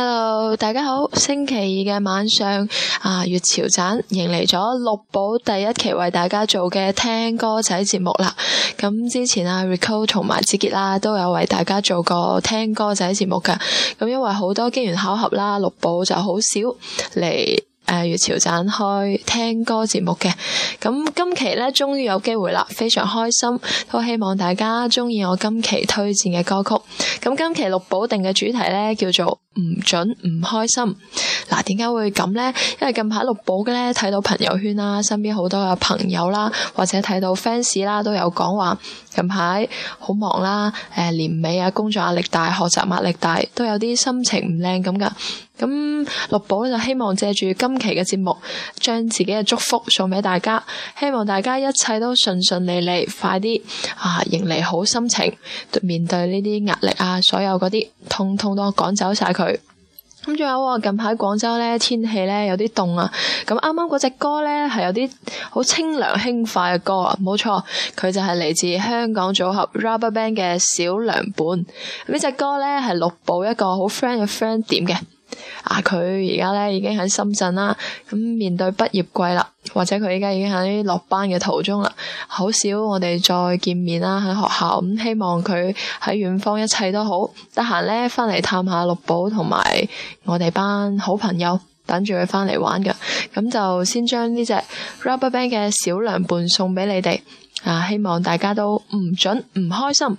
Hello，大家好，星期二嘅晚上啊，月潮站迎嚟咗六寶第一期為大家做嘅聽歌仔節目啦。咁、啊、之前啊，Rico 同埋志杰啦、啊，都有為大家做過聽歌仔節目噶。咁、啊、因為好多機緣巧合啦，六寶就好少嚟。誒，粵、啊、潮展開聽歌節目嘅，咁今期咧終於有機會啦，非常開心，都希望大家中意我今期推薦嘅歌曲。咁今期六寶定嘅主題咧叫做唔准唔開心。嗱，點解、啊、會咁呢？因為近排六寶嘅咧，睇到朋友圈啦、啊，身邊好多嘅朋友啦、啊，或者睇到 fans 啦、啊，都有講話近排好忙啦、啊，誒、呃，年尾啊，工作壓力大，學習壓力大，都有啲心情唔靚咁噶。咁六寶就希望借住今期嘅節目，將自己嘅祝福送俾大家，希望大家一切都順順利利，快啲啊，迎嚟好心情，面對呢啲壓力啊，所有嗰啲，通通都趕走晒佢。咁仲有喎，近排廣州咧天氣咧有啲凍啊！咁啱啱嗰隻歌咧係有啲好清涼輕快嘅歌啊，冇錯，佢就係嚟自香港組合 Rubberband 嘅《小涼伴》。呢隻歌咧係六部一個好 friend 嘅 friend 點嘅。啊！佢而家咧已經喺深圳啦，咁面對畢業季啦，或者佢依家已經喺落班嘅途中啦，好少我哋再見面啦，喺學校咁希望佢喺遠方一切都好，得閒咧翻嚟探下六寶同埋我哋班好朋友，等住佢翻嚟玩噶，咁就先將呢隻 Rubberband 嘅小涼伴送俾你哋，啊，希望大家都唔准唔開心。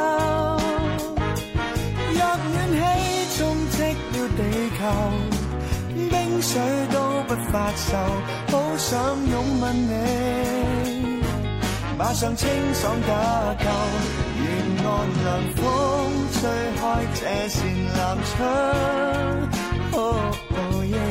地球冰水都不發愁，好想擁吻你，馬上清爽得夠，沿岸涼風吹開這扇藍窗。哦 oh yeah.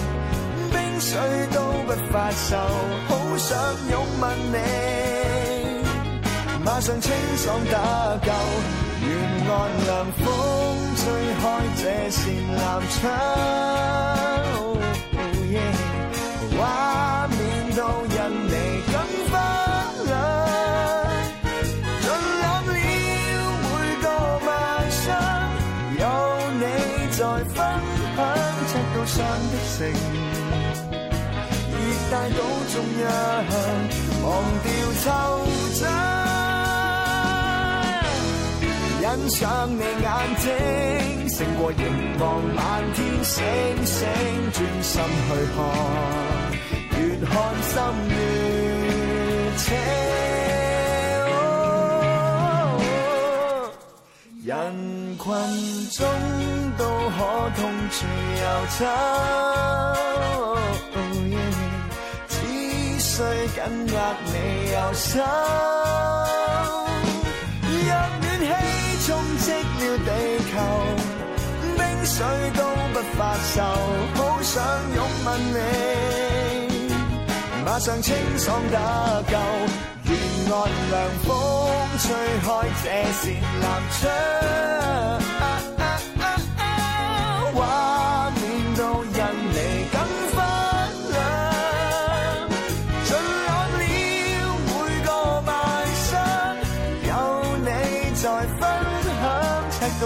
醉都不發愁，好想擁吻你，馬上清爽打救，沿岸涼風吹開這扇南窗。惆悵，欣賞你眼睛勝過凝望滿天星星，專心去看，越看心越清，哦哦。人群中都可同處遊走。緊握你右手，若暖氣充斥了地球，冰水都不發愁。好想擁吻你，馬上清爽打救願來涼風吹開這扇南窗。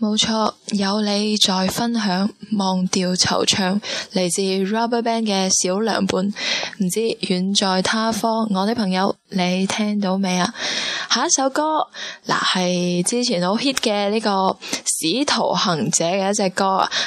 冇錯，有你在分享，忘掉惆悵。嚟自 Rubberband 嘅小涼伴，唔知遠在他方，我啲朋友，你聽到未啊？下一首歌嗱，係之前好 hit 嘅呢個《使徒行者》嘅一隻歌，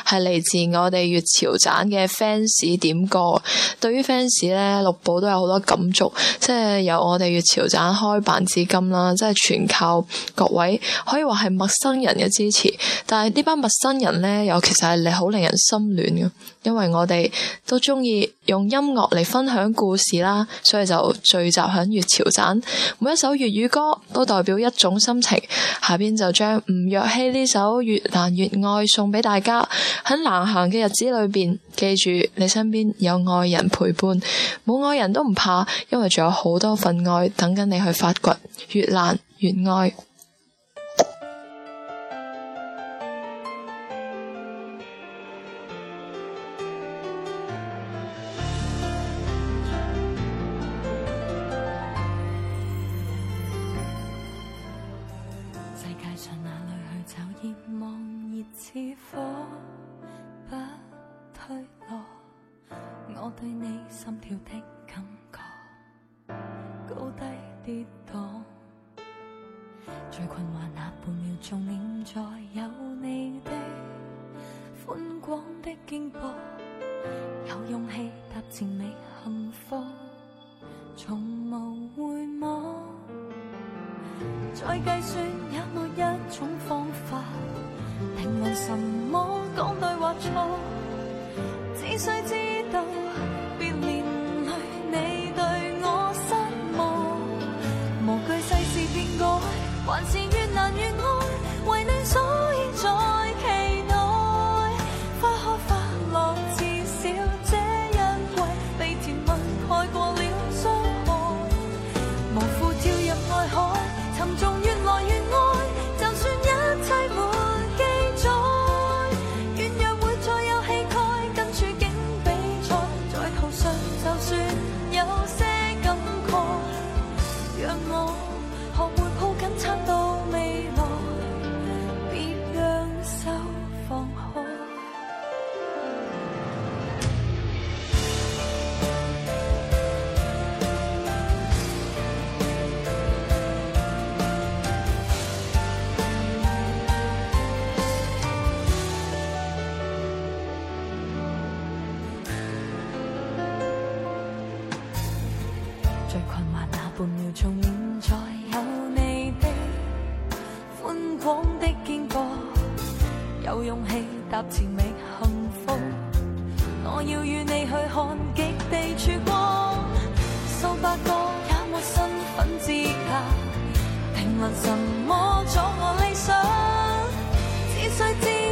係嚟自我哋粵潮棧嘅 fans 點歌。對於 fans 咧，六寶都有好多感觸，即係由我哋粵潮棧開辦至今啦，即係全靠各位，可以話係陌生人嘅支持。但係呢班陌生人咧，又其實係你好令人心暖嘅。因為我哋都鍾意用音樂嚟分享故事啦，所以就聚集喺粵潮棧。每一首粵語歌都代表一種心情。下邊就將吳若希呢首《越難越愛》送畀大家。喺難行嘅日子裏邊，記住你身邊有愛人陪伴，冇愛人都唔怕，因為仲有好多份愛等緊你去發掘。越難越愛。就熱望熱似火，不退落。我對你心跳的感覺，高低跌宕。最困惑那半秒鐘，念在有，有你的寬廣的肩膊，有勇氣踏前未幸福，從無回望。再計算也沒有一種方法，平衡什麼？最困惑那半秒鐘，現在有你的寬廣的肩膊，有勇氣踏前覓幸福。我要與你去看極地曙光，數百個也沒身份資格，評論什麼阻我理想，只需知。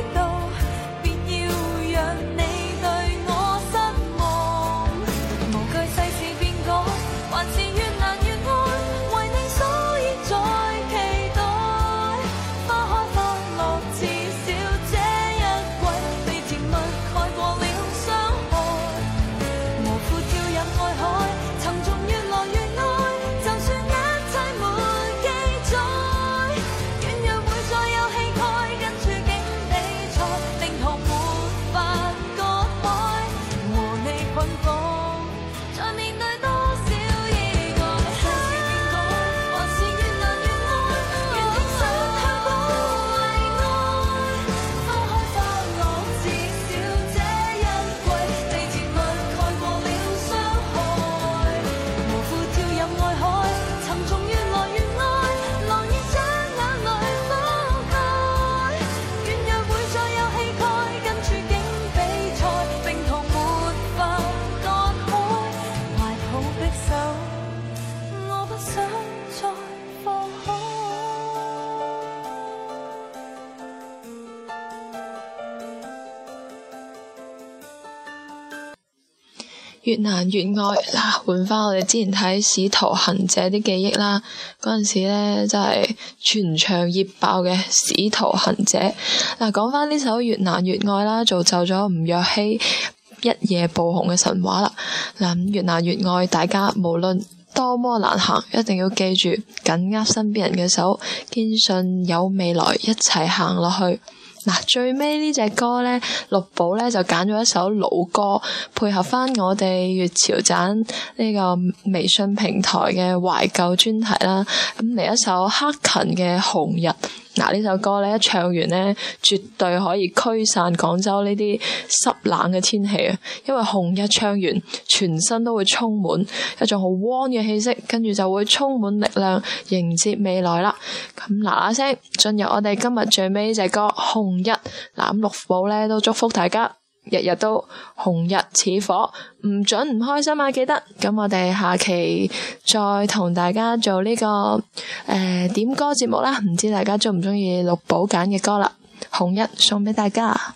越難越愛，嗱換翻我哋之前睇《使徒行者》啲記憶啦，嗰陣時咧真係全場熱爆嘅《使徒行者》。嗱講翻呢首《越難越愛》啦，造就咗吳若希一夜爆紅嘅神話啦。嗱《越難越愛》，越越愛，大家無論多麼難行，一定要記住緊握身邊人嘅手，堅信有未來，一齊行落去。最尾呢隻歌呢六寶呢就揀咗一首老歌，配合翻我哋粵潮棧呢個微信平台嘅懷舊專題啦，咁嚟一首克勤嘅《紅日》。嗱，呢首歌咧一唱完咧，絕對可以驅散廣州呢啲濕冷嘅天氣啊！因為紅日唱完，全身都會充滿一種好暖嘅氣息，跟住就會充滿力量迎接未來啦！咁嗱嗱聲進入我哋今日最尾隻歌《紅日》，嗱咁六寶咧都祝福大家。日日都紅日似火，唔准唔開心啊！記得咁，我哋下期再同大家做呢、這個誒、呃、點歌節目啦，唔知大家鍾唔鍾意六寶揀嘅歌啦？紅日送畀大家。